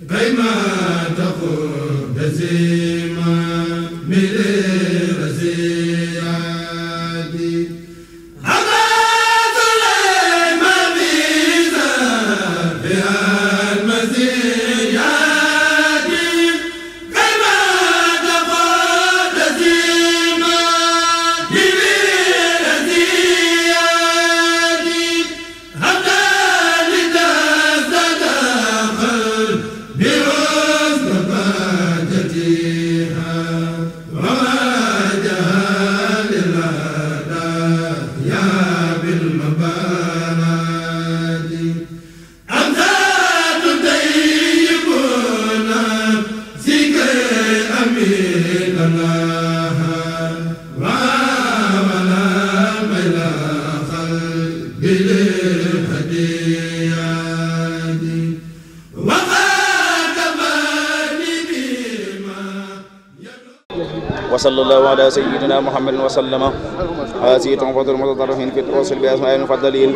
بما تقول دزيما ملي وصلى الله على سيدنا محمد وسلم هذه تحفة المتطرفين في التواصل بأسماء المفضلين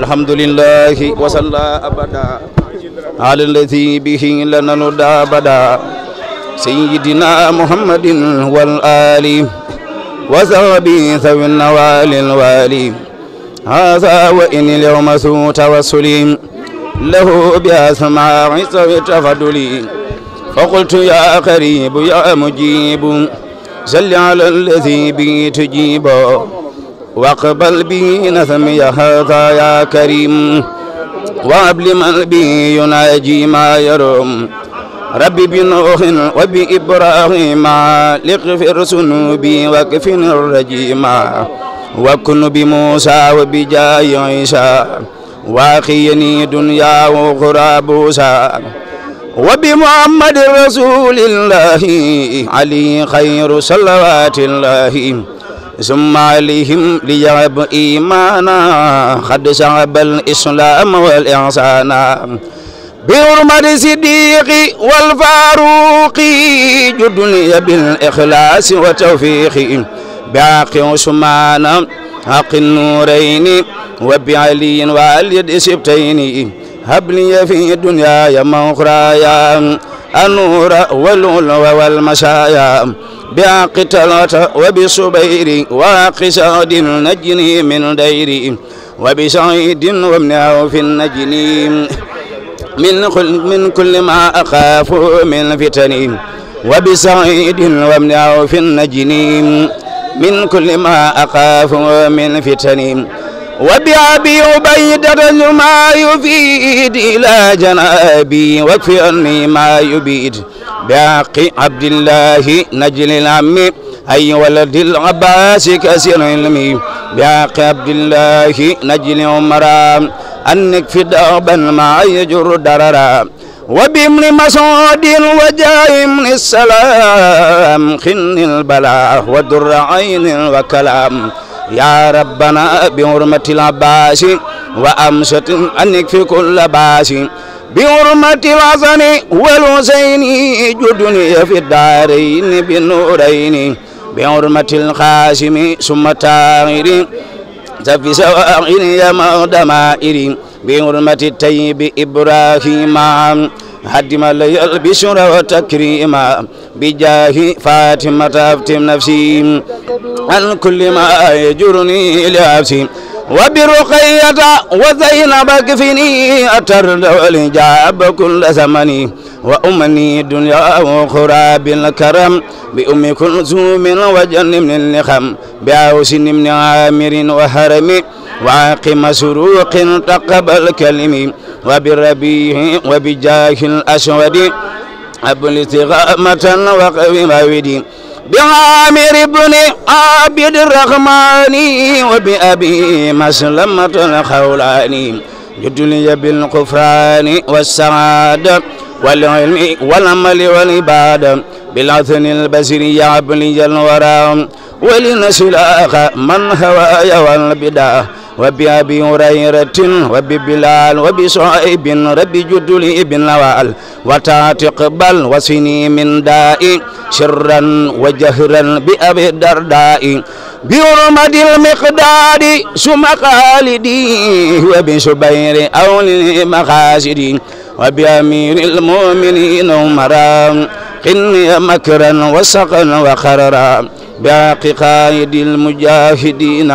الحمد لله وصلى أبدا على الذي به لنا ندى أبدا سيدنا محمد والآل وصحبه ثوي النوال الوالي هذا وإن اليوم ذو توسل له بأسماع ذوي التفضل فقلت يا قريب يا مجيب صل على الذي به تجيب واقبل به نثمي هذا يا كريم وابل من به يناجي ما يروم ربي بنوح وبإبراهيم لغفر ذنوبي واكفن الرجيم وكن بموسى وبجاي عيسى واخيني دنيا وأخرى بوسى وبمحمد رسول الله علي خير صلوات الله ثم عليهم ليعب إيمانا قد شعب الإسلام والإحسان بحرمة صديقي والفاروق جدني بالإخلاص وتوفيقي بعاق عثمان حق النورين وبعلي واليد سبتين هب لي في الدنيا يما أخرايا النور والعلو والمشايا بعاق تلوة وبصبير وعاق سعد نجني من دير وبسعيد وابن عوف نجني من كل من كل ما أخاف من فتن وبسعيد وابن عوف نجني من كل ما أخاف من فتن وبأبي عبيدة ما يفيد إلى جنابي واكفئني ما يبيد بحق عبد الله نجل العم أي ولد العباس كثير علمي بحق عبد الله نجل عمرا أنك في دربا ما يجر دررا وبامن مسعود وجاء من السلام خن البلاء ودر عين وكلام يا ربنا بحرمة العباس وأمشة أنك في كل باس بحرمة الحسن والحسين جدني في الدارين بالنورين بحرمة القاسم ثم تاغر سفي سواعين يا مغدمائر بحرمة الطيب إبراهيم هدم لي البشرى وتكريما بجاه فاطمة أفتم نفسي عن كل ما يجرني لعفسي وبرقية وزينب كفني أترد والإجاب كل زمني وأمني دنيا أخرى بالكرم بأم كلثوم وجن من اللخم بعوس من عامر وهرم وعاقم سروق تقبل كلمي وبربيه وبجاه الأسود أبلت غامة وقوي مودي بعامر بن عابد الرحماني وبأبي مسلمة الخولاني جدلي بالغفران والسعادة والعلم والعمل والعبادة بالعثن البصري يعبلي الورى ولنسلاخ من هوايا والبداه وابي أبي هريرة وابي بلال وابي صعيب ربي جد لي ابن لوال وتاتقبل وسني من داء شرا وجهرا بأبي الدرداء بحرمة المقدار ثم خالدي وبشبير أولي المقاصد وبأمير المؤمنين أمرا قني مكرا وسقا وخررا بحق قائد المجاهدين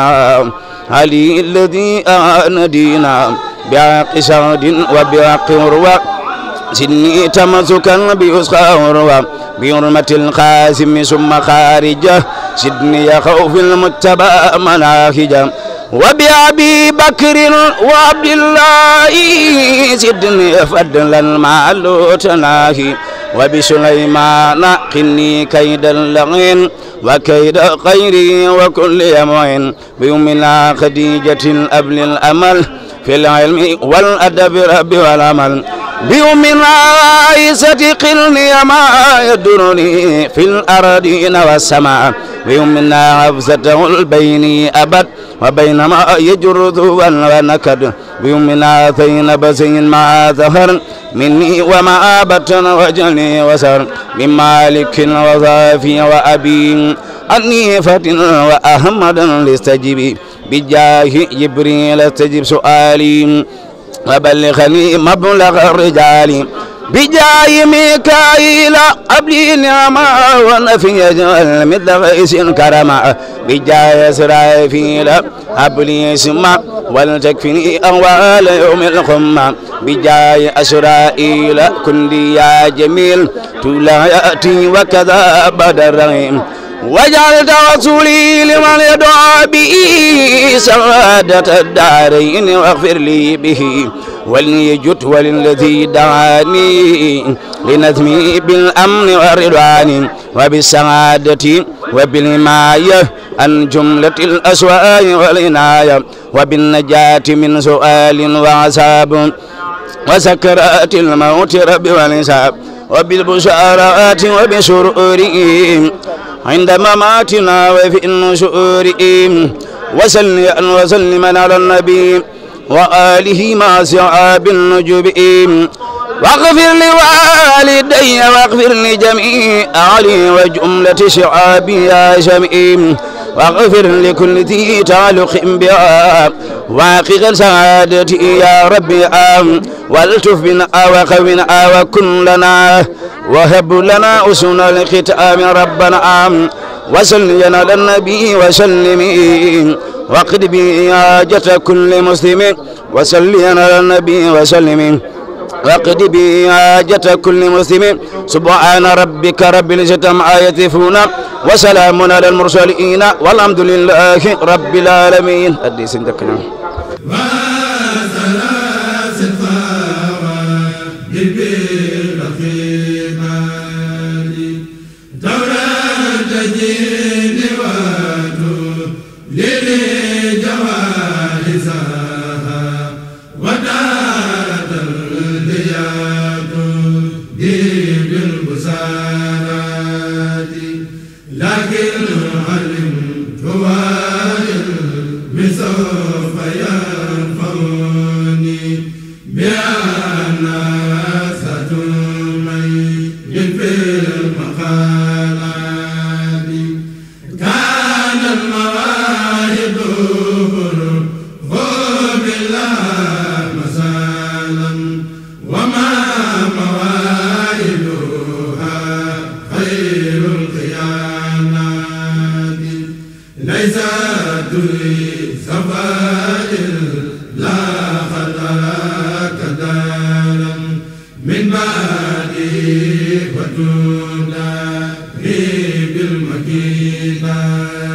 علي الذي أعان دينا بعق شهد وبعق عروة سني تمسكا بيسقى عروة بحرمة القاسم ثم خارجه سدني خوف المتبى مناهجه وبأبي بكر وعبد الله سدني فضلا ما لو تناهي وبسليمان قني كيد اللغين وكيد خيري وكل يمين بيومنا خديجة الأبل الأمل في العلم والأدب رب والعمل بيومنا عيسة قلني ما يدرني في الأرضين والسماء بيومنا حفظته البيني أبد وبينما يجرد ونكد بيوم آتين بسي ما ظهر مني وما بطن وجلي وسر من مالك وصافي وأبي أنيفة وأحمد لاستجب بجاه جبريل استجب سؤالي وبلغني مبلغ الرجال بجاي ميكائيل أبلي نعما ونفي أجل مثل غيس كرما بجاي إسرائيل أبلي سما ولتكفني أوال يوم القمة بجاي إسرائيل كندي يا جميل تلا يأتي وكذا بدرهم وجعلت رسولي لمن يدعى به سعادة الدارين واغفر لي به وليجت وللذي دعاني لنظمي بالأمن والرضوان وبالسعادة وبالماية عن جملة الأسواء والعناية وبالنجاة من سؤال وعذاب وسكرات الموت رب والحساب وبالبشارات وبسرورهم عند مماتنا وفي النشور وسلم وسلم على النبي وآله مع سعاب النجوب واغفر لوالدي واغفر لجميع أهلي وجملة شعابي يا شمئيم واغفر لكل ذي تعلق بها واقغ سعادتي يا ربي آم والتف بنا وقونا وكن لنا وهب لنا أسن الختام ربنا آم وصل على النبي وسلم واقض بحاجة كل مسلم وصل على النبي وسلم واقض بحاجة كل مسلم سبحان ربك رب العزة عما يصفون وسلام على المرسلين والحمد لله رب العالمين ma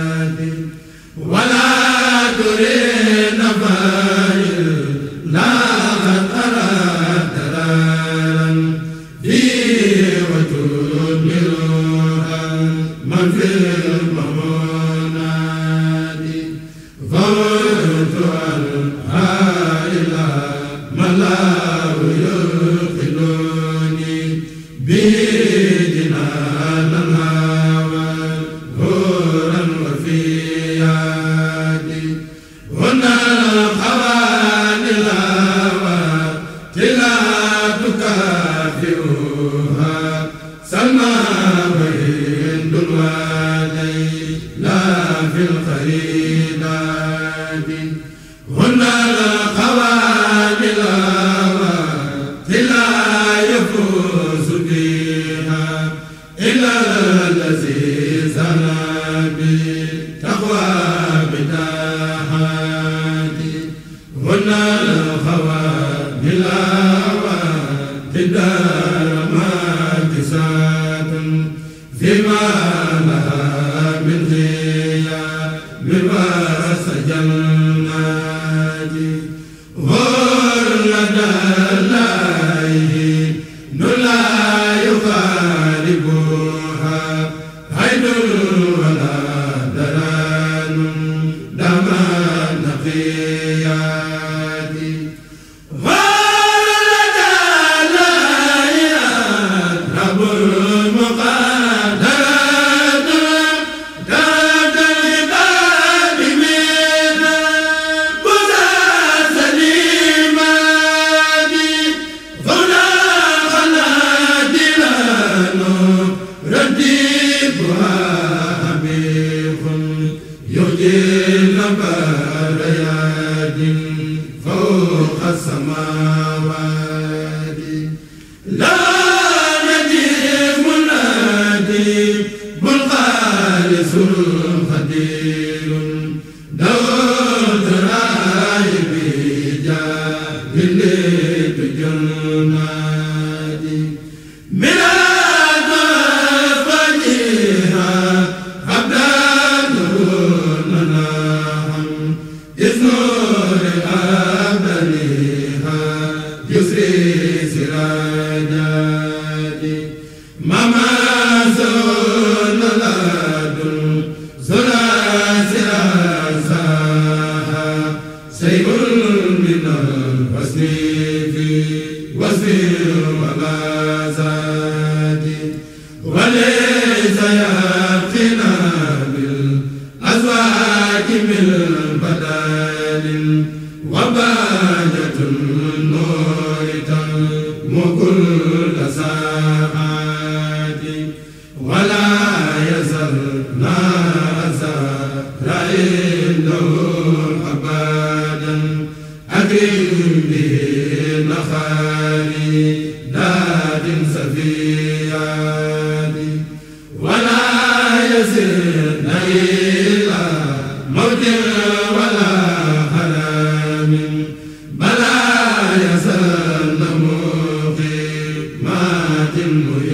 jël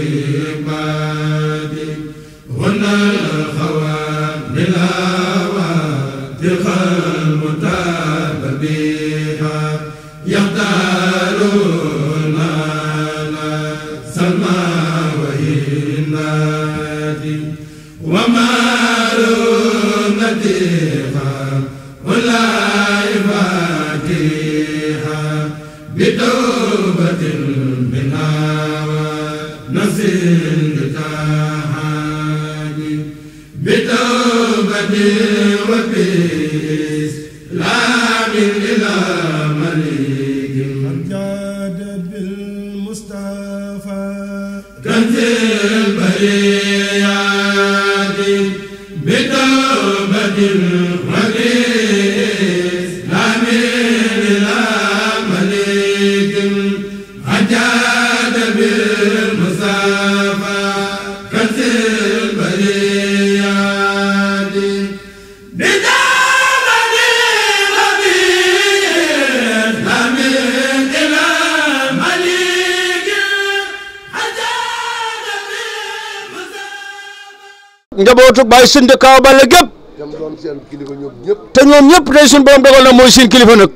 njabootu bàyyi Sinde Kaw Balla gépp te ñoom ñëpp day suñu borom dogal na mooy seen kilifa nag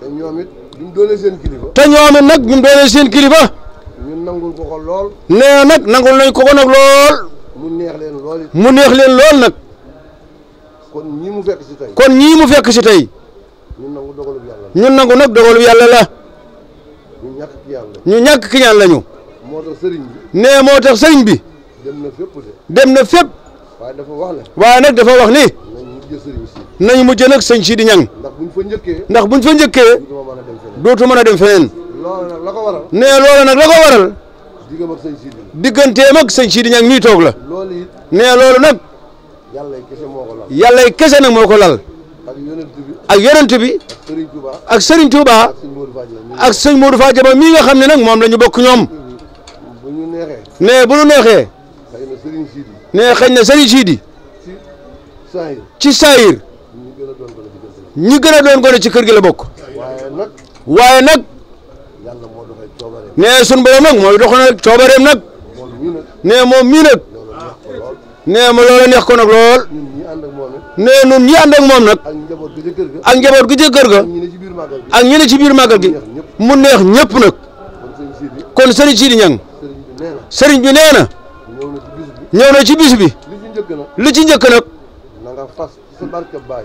te ñoom it ñu doonee seen kilifa te ñoom it nag ñu doonee seen kilifa ko ko lool nee nag nangul nañ ko ko nag lool mu neex leen lool mu neex leen lool nag kon ñii mu fekk si tey kon ñii mu fekk si tey ñun nangu dogalu yàlla ñun nangu nag dogalu yàlla la ñu ñàkk ki yàlla lañu moo tax sëriñ bi nee moo tax sëriñ bi dem na fépp waaye dafa wax la. waaye nag dafa wax ni. nañ mujj nag sëñ Sidi Ñang. ndax buñ fa njëkkee. ndax buñ fa njëkkee. dootu mën a dem feneen. loolu la ko waral. nee loolu nag la ko waral. digganteem ak sëñ Sidi Ñang mii toog la. nee loolu nag. yàllay kese moo ko kese nag moo ko lal. ak yonent bi. ak yonent bi. ak Serigne Touba. ak sëñ Modou Fadia Ba mii nga xam ne nag moom la ñu bokk ñoom. bu ñu neexee. nee bu ñu neexee. ne xëy na sëriñ Sidi ci saayir ñi gën a doon gone ci kër gi la bokk waaye nag ne sun borom nag mooy dox na coobareem nag ne moom mii nag ne ma loola neex ko nag lool ne nun ñi ànd ak moom nag ak njaboot gi ci kër ga ak ñi ne ci biir màggal gi mu neex ñëpp nag kon sëriñ Sidi ñang sëriñ bi nee na ñëw na ci bis bi lu ci njëkk nag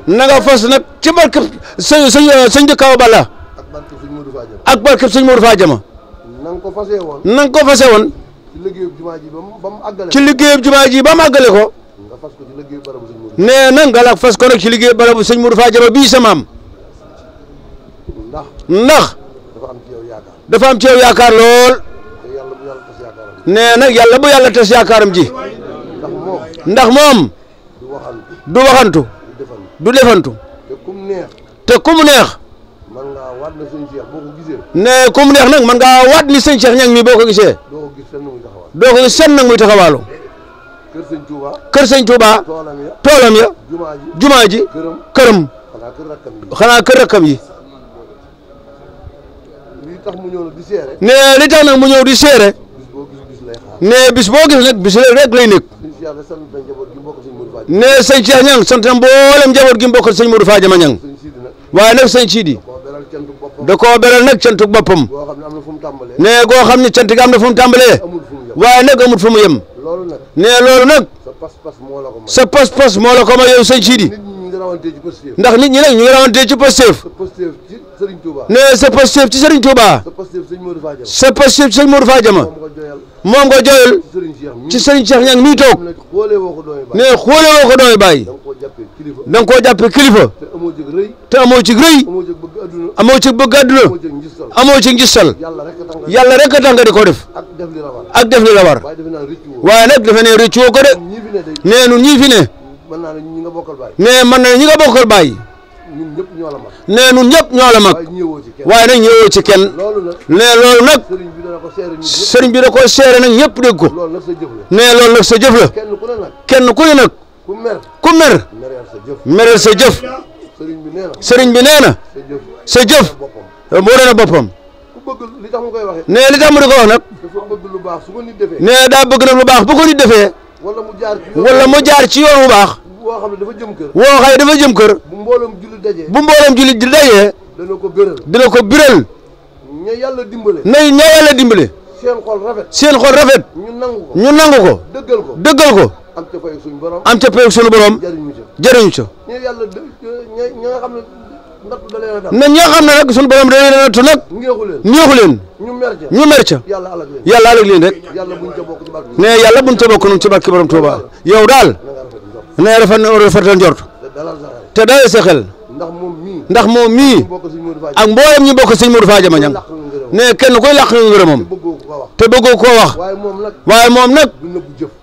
na nga fas sa na nga nag ci barke sëñ sëñ sëñ Dëkkaaw Balla ak barke sëñ Modou Fadiama na nga ko fasee woon na ko fasee woon ci liggéeyub jumaa ji ba mu àggale ci liggéeyub jumaa ji ba mu ko nga fas ko ci liggéeyub nee na nga la fas ko nag ci liggéeyub barabu sëñ Modou Fadiama bii sa maam ndax ndax dafa am ci yow yaakaar dafa am ci yow yaakaar lool nee nag yàlla bu yàlla tas yaakaaram ji ndax moom du waxantu du defantu te ku mu neex ne ku mu neex nag man ngaa waat ni sëñ Cheikh ñang mi boo ko gisee doo ko gis seen nag muy taxawaalu kër sëñ Touba toolam ya jumaa ji këram xanaa kër rakkam yi ne li tax mu ñëw di seere ne bis gis nag bis rek lay nekk nee sëñ Cheikh Niang sant na mboolem njaboot gi mu bokkal sëñ Modou Fadjama Niang waaye nag sëñ Sidi da koo beral nag cantu boppam nee goo xam ne cant gi am na fu mu tàmbalee waaye nag amul fu mu yem nee loolu nag sa pas-pas moo la ko may yow sëñ Sidi ndax nit ñi nag ñu ngi rawantee ci Pastef nee sa Pastef ci Serigne Touba sa Pastef ci sëñ Modou Fadjama moom nga jooyul ci sëriñ Cheikh ña ngi nii toog ne xoolee woo ko dooy bàyyi da nga koo jàppee kilifa te amoo ci rëy amoo ci bëgg àdduna amoo ci ngistal yàlla rek a tax nga di ko def ak def li la war waaye nag defe ne rëccu ko de nee nu ñii fi ne nee mën na ñi nga bokkal bàyyi. ñun ñëpp ñoo la mag nee ñun ñëpp ñoo la mag waaye nag ñëwoo ci kenn nee loolu nag sëriñ bi da ko seere nag ñëpp dégg ko nee loolu nag sa jëf la kenn ku ne nag ku mer mereel sa jëf sëriñ bi nee na a jëf moo doon boppam li tax mu koy waxee nee li tax mu di ko wax nag nee daa bëgg nag lu baax bu ko defee wala mu jaar ci yoon bu baax woo xam ne dafa jëm kër. woo xam ne dafa jëm kër. bu mbooloom jullit dajee. bu mbooloom jullit di dajee. dana ko biral dana ko biral. ña yàlla dimbale. na ña yàlla dimbale. seen xol rafet. seen xol rafet. ñu nangu ko ñu nangu ko. dëggal ko dëggal ko. am ca pay suñu borom. am ca pay suñu borom. jëriñu ca jëriñu ca. ña yàlla dë ña nga da leen a na ñoo xam ne nag suñu borom da leen a nattu nag. leen neexu leen. ñu mer ca ñu mer ca. yàlla alag leen rek. yàlla buñ ca bokk ci barke. ne yàlla buñ ca bokk ci barke borom Touba yow daal. nee na rafet na rafetal njort te dalal sa xel ndax moom mii ak mboolem ñu bokk sëñ Modou Fadia Mañang ne kenn koy làq nga ngërëmam te bëggoo koo wax waaye moom nag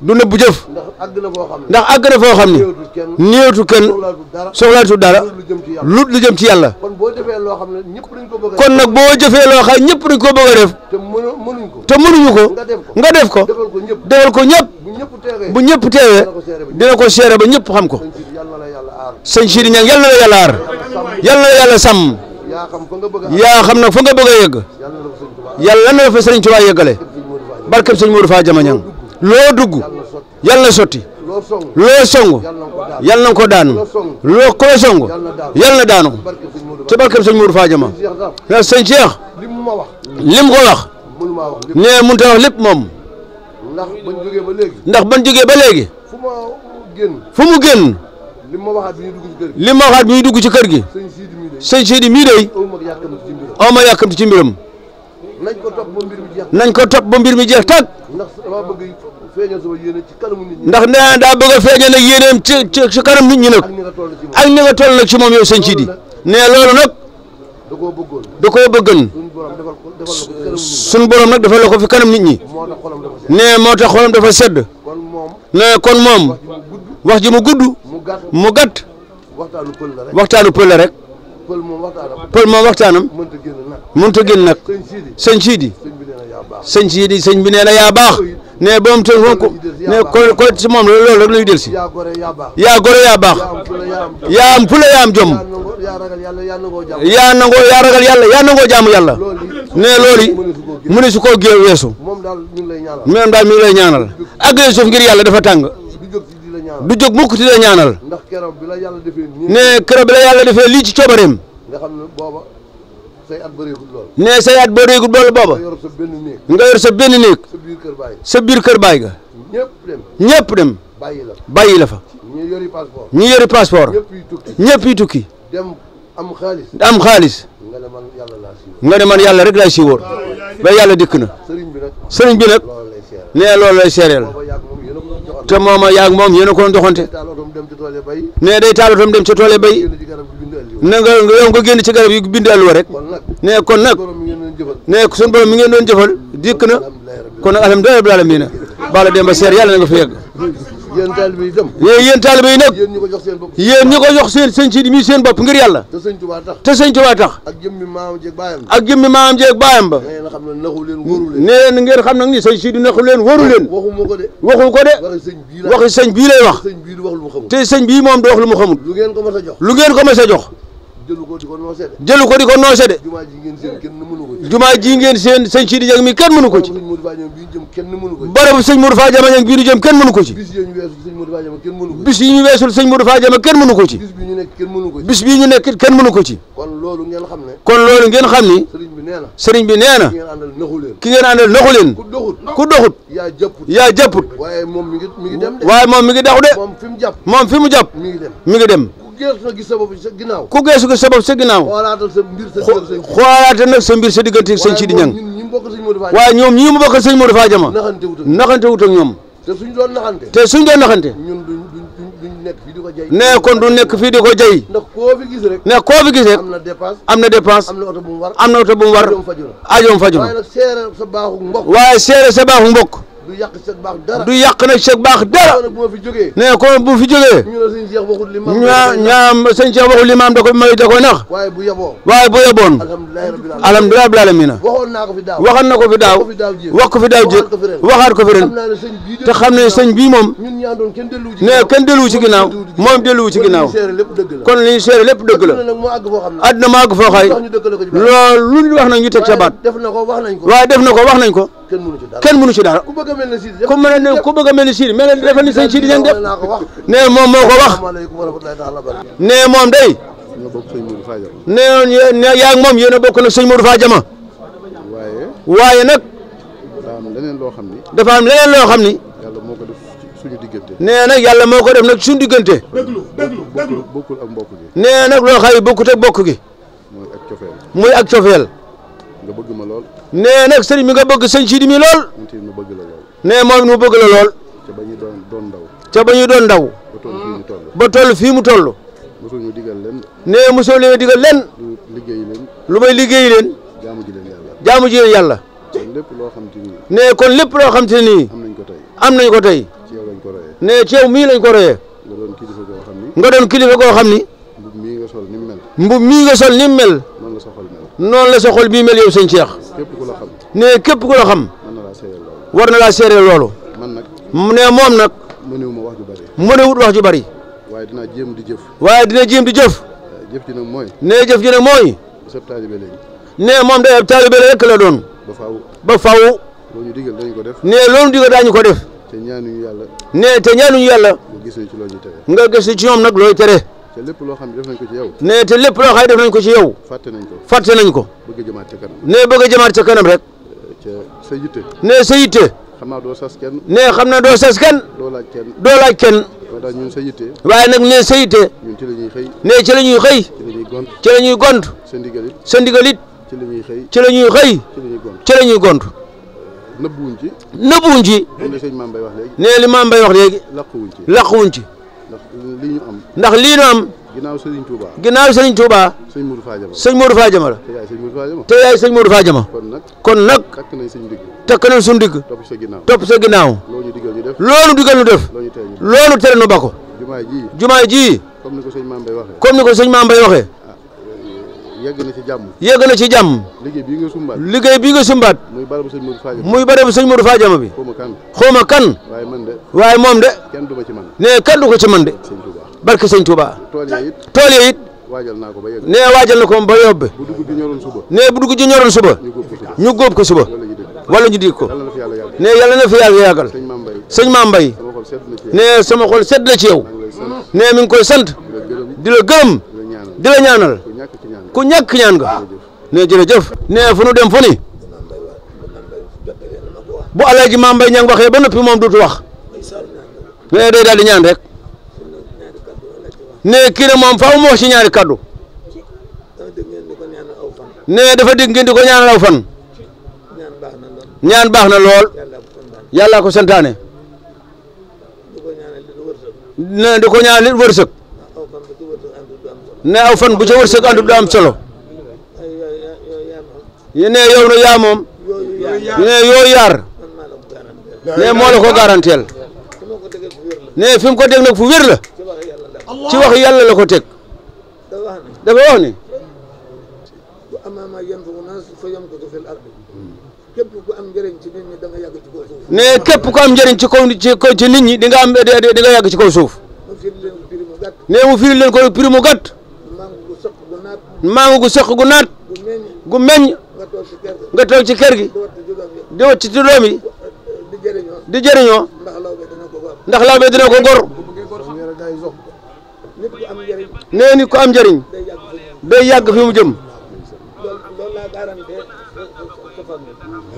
du nëbbu jëf ndax àgg na foo xam ni néewtu kenn soxlaatu dara lu lu jëm ci yàlla kon nag boo jëfee loo xam ñëpp dañ koo bëgg a def te mënuñu ko nga def ko defal ko ñëpp bu ñëpp teewee dina ko seere ba ñëpp xam ko sëñ Sidi Niang yàlla na la yàlla aar yàlla na la yàlla sam yaa xam fa nga bëgg a yaa xam nag fa nga bëgg a yegg yàlla na la fa sëriñ Tuubaa yeggale barkeb sëriñ Modou Fall Diamagnane loo dugg yàlla na sotti loo song yàlla na ko daanu loo koo song yàlla na daanu ci barkeb sëriñ Modou Fall Diamagnane ndax sëñ Cheikh lim ko wax nee mënut a wax lépp moom ndax ban jógee ba léegi fu mu génn li ma waxaat bi ñuy dugg ci kër gi li ma waxaat bi dugg ci kër gi sëñ Sidi mii day aw ma yàkkamti ci mbiram nañ ko topp ba mi jeex nañ ko topp ba mbir mi jeex tag ndax dama bëgg feeñal sama yéene ci kanamu nit ñi ndax nee na daa a feeñal nag yéeneem ci ci kanam nit ñi nag ak ni nga toll nag ci moom yow sëñ ne loolu nag da ko bëggoon da koo bëggoon suñu borom nag dafa ko fi kanam nit ñi ne moo tax xolam dafa sedd ne kon moom wax ji mu gudd mu gàtt waxtaanu pël la rek pël moom waxtaanam mënut a génn nag sëñ siidi sëñ siidi sëñ bi nee na yaa baax ne boom te moom ko ne ko si moom loolu rek la ñuy del si yaa gore yaa baax yaa am pula yaa am jom yaa nangoo yaa ragal yàlla yaa nangoo jaamu yàlla ne loolu yi mu ne su koo gé weesu moom daal mi ngi lay ñaanal àgg suuf ngir yàlla dafa tàng du jóg mukk ti la ñaanal ndax keroog bi la yàlla defee ne keroog bi la yàlla defee lii ci coobareem nga xam ne booba say at bëreegul lool ne say at bëreegul lool booba nga yor sa benn néeg nga yor sa benn néeg sa biir kër baay sa biir kër baay ga ñëpp dem ñëpp dem bàyyi la fa bàyyi la fa ñi yori passeport ñi yori ñëpp yi tukki ñëpp yi tukki dem am xaalis nga ne man yàlla laa siiwóor nga ne rek laa siiwóor ba yàlla dikk na bi nag sëriñ bi lay seereel ta moom a yaag moom yéen a ko doon doxante ne day taalootam dem ca a yi bay nga yow nga génn ci garab yi bind àlluwa rek ne kon nag ne sunu borom mi ngeen doon jëfal dikk kon nag alhamdulilah rabbil alamin bala dem seer yàlla na nga fa yéen taalibe yi itam yéen taalibe yi nag yéen ñi ko jox seen bopp yéen ñi mi seen bopp ngir yàlla te sëñ Tuubaa tax ak jëmmi maam maam jeeg baayam ba na xam ne naxu leen wóoru leen nee na ngeen xam nag ni sëñ si di naxu leen wóoru leen waxu ko de waxu ko de waxi sëñ bii lay wax te sëñ moom du wax lu mu xamul lu ngeen ko mas a jox lu ngeen ko mas jox jëlu ko di ko noose de. jëlu ko di ko noose de. jumaa ji ngeen seen kenn mënu ko ci. jumaa ji ngeen seen sëñ Sidi Dieng mi kenn mënu ko ci. barabu sëñ Modou Fadia Diama bi ñu jëm kenn mënu ko ci. bis yi ñu weesul sëñ Modou Fadia Diama kenn mënu ko ci. bis yi ñu weesul sëñ Modou Fadia Diama kenn mënu ko ci. bis bi ñu nekk kenn mënu ko ci. bis bi ñu nekk kenn mënu ko ci. kon loolu ngeen xam ne. kon loolu ngeen xam ni. sëriñ bi nee na. sëriñ bi nee na. ki ngeen àndal naxu leen. ki ngeen àndal naxu leen. ku doxut ku doxut. yaa jàpput yaa jàpput. waaye moom mi ngi mi ngi dem de. waaye moom mi ngi dox de. moom fi mu jàpp mi ngi dem mi ngi dem geesu gis sa bopp sa ginnaaw ku geesu gis sa bopp sa ginnaaw xoolaatal sa mbir sa nag sa mbir sa diggante ak sëñ Sidi waaye ñoom ñii mu bokk sëñ Modou Fadiama naxante wut ak ñoom te suñ doon naxante te fii di ko jay ne kon du nekk fii di ko jay ndax ne koo fi gis am na dépense am na dépense am na oto bu mu war am na mu war waaye seere sa baaxu mbokk waaye sa baaxu mbokk du yàq sëg baax dara du yàq nag sëg baax dara nee ko bu fi jógee ñu ne sëñ Cheikh waxul limaam ñaam sëñ Cheikh waxul limaam da ko may da ko nax waaye bu yeboon waaye bu yeboon alhamdulilah rabbil alamin waxoon naa ko fi daaw waxoon na ko fi daaw wax ko fi daaw jéeg waxaat ko fi ren te xam ne sëñ bii moom ne kenn delluwu ci ginnaaw moom delluwu ci ginnaaw kon li ñu seere lépp dëgg la àdduna ma àgg foo xay loolu lu ñu wax nañ ñu teg sa baat waaye def na ko wax nañ ko kenn mënu ci dara kenn mënu ci ku bëgg a mel ni Sidi ku mel ne ku a mel ni Sidi mel ne dafa ni sëñ Sidi ñang def ne moom moo ko wax ne moom day ne ne yaa ak moom yéen a bokk nag sëñ Modou Fadiama waaye waaye nag dafa am leneen loo xam ni dafa am leneen loo xam ni yàlla moo ko def suñu diggante nee nag yàlla moo ko def nag suñu diggante déglu bokkul ak mbokk gi nee nag loo xam ne bokk gi mooy ak muy ak cofeel bëgg ma lool nee nag sëriñ bi nga bëgg sëñ Sidi mi lool. nee moom mu bëgg la lool. ca doon ndaw. ca ba ñu doon ndaw. ba toll fii mu toll. mosoo ñu digal leen. nee mosoo leen digal leen. lu liggéey leen. lu may liggéey leen. jaamu ji leen yàlla. jaamu ji yàlla. kon loo xam te ni. nee kon lépp loo xam te ni. am nañ ko tey. ko tey. ci yow ko royee. nee ci yow mii lañ ko royee. nga doon kilifa goo ni. nga doon xam ni. mbubb mii nga sol ni mu mel. noonu la sa xol bii mel yow sëñ Cheikh. ne képp ku la xam. war na laa seeree loolu. mu ne moom nag. mu ne wut wax ju bari. waaye dina jéem di jëf. waaye dina jéem di jëf. jëf ji nag mooy. ne jëf ji nag mooy. ne moom day ab taalibe la rek la doon. ba faaw ba faaw. loolu ñu digal dañu ko def. ne loolu ñu digal daañu ko def. te ñaanuñu yàlla. ne te ñaanuñu yàlla. nga gis ci ñoom nag looy tere. te loo xam ne def nañ ko ci yow. ne te lépp loo xam ne def nañ ko ci yow. fàtte nañ ko fàtte nañ ko. bëgg a jëmaat ca kanam. ne bëgg a jëmaat ca kanam rek. ca sa yitte. ne sa yitte. xam naa doo sas kenn. xam naa doo sas kenn. doo laaj kenn doo kenn. waaye daal ñun sa yitte. waaye nag ne sa yitte. ci la ñuy xëy. ne ci la ñuy xëy. ci la ñuy gont ci ñuy gont. sa ndigal it sa it. ci la ñuy xëy ci la ñuy xëy. ci la ñuy gont nëbbuwuñ ci nëbbuwuñ ci. nee li Mame Mbaye wax léegi. nee li Mame wax léegi. làquwuñ ci làquwuñ ci. Euh, li ñu am ndax lii ñu am. ginnaaw Serigne Touba ginnaaw Serigne Touba. sëñ Modou Fadiama sëñ Modou Fadiama la. te yaay sëñ Modou Fadiama. kon nag kon nag. takk nañ suñu digg. takk nañ suñu digg. topp sa ginnaaw topp sa ginnaaw. loolu digal ñu def loolu digal ñu def. loolu tere ñu ba ko. jumaay ji jumaay ji. comme ni ko sëñ Mame Mbaye waxee. comme ni ko sëñ Mame Mbaye waxee. yegg na ci jàmm. yegg na jàmm. liggéey bii nga sumbaat. liggéey nga sumbaat. muy barabu sëñ Modou Fadiama. muy barabu sëñ Modou bi. xawma kan. xawma kan. waaye man de. waaye moom de. kenn du ma ci man. nee kenn ko ci man de. barke sëñ Touba. tool ya it. tool ya naa ko ba yegg. nee waajal na ko ba yóbbe. bu dugg ji ñoroon suba. nee bu dugg ji ñoroon suba. ñu góob ko suba. wala ñu dig ko. nee yàlla na fi yàlla yàggal. sëñ Mame Mbaye. nee sama xol sedd na ci yow. nee mi ngi koy sant. di la gërëm. di la ñaanal. ku ñàkk ñaan nga ne jërëjëf ne fu nu dem fu bu alaaji Maam Mbay Ñaŋ waxee ba noppi moom duutu wax ne day daal di ñaan rek ne kii nag moom faaw mu wax ci ñaari kaddu ne dafa dégg ngeen di ko ñaanal aw fan ñaan baax na lool yàlla ko santaane ne di ko ñaanal wërsëg ne aw fan bu ca wërsëg andu du am solo ñu ne yow nu yaa moom ñu ne yoo yaar ne moo la ko garanteel ne fi mu ko dégg nag fu wér la ci wax yàlla la ko teg dafa wax ni ne képp ku am njëriñ ci kaw ci kaw ci ñi di nga am yàgg ci kaw suuf ne mu firi leen ko prix mu gàtt mango gu seq gu naat gu meññ nga toog ci kër gi di wacc ci doom yi di jëriñoo ndax law be dina ko gor nee ni ko am njëriñ day yàgg fi mu jëm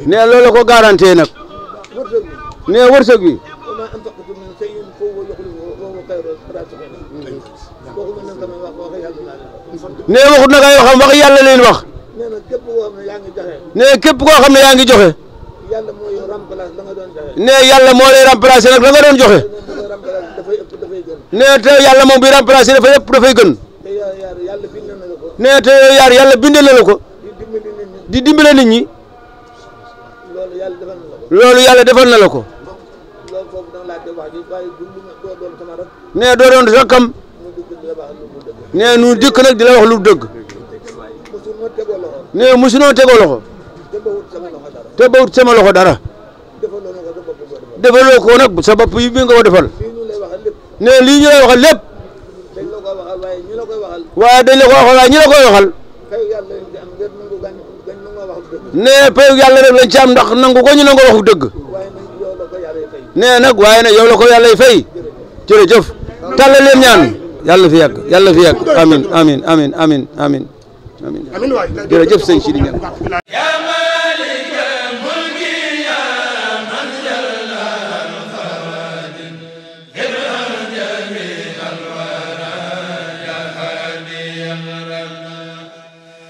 nee loolu ko garanté nag nee wërsëg bi nee waxut nag ay waxam wax yàlla leen wax. nee na képp koo xam ne yaa joxe. képp koo xam ne yaa ngi joxe. yàlla moo lay remplacer la nga doon joxe. nee yàlla moo lay remplacer nag la nga doon joxe. nee te yàlla moom bi remplacer dafa yëpp dafay gën. nee te yooyu yaar yàlla bindal na la ko. di dimbale nit ñi. loolu yàlla defal na la ko. nee doo doon rakkam. nee nu dikk nag di la wax lu dëgg nee mosunoo tegoo loxo te bawut sama loxo dara defaloo ko nag sa bopp yi bi nga ko nee lii ñu lay waxal lépp waaye dañ la ko waxal waaye koy waxal nee payu yàlla rek lañ am ndax nangu ko ñu nangu waxu dëgg nee nag waaye nag yow la ko yàlla fay jërëjëf tàllal leen ñaan yàlla fi yàgg yàlla fi yàgg amin amin amin amin amin amin jërëjëf sëñ Sidi Ndiaye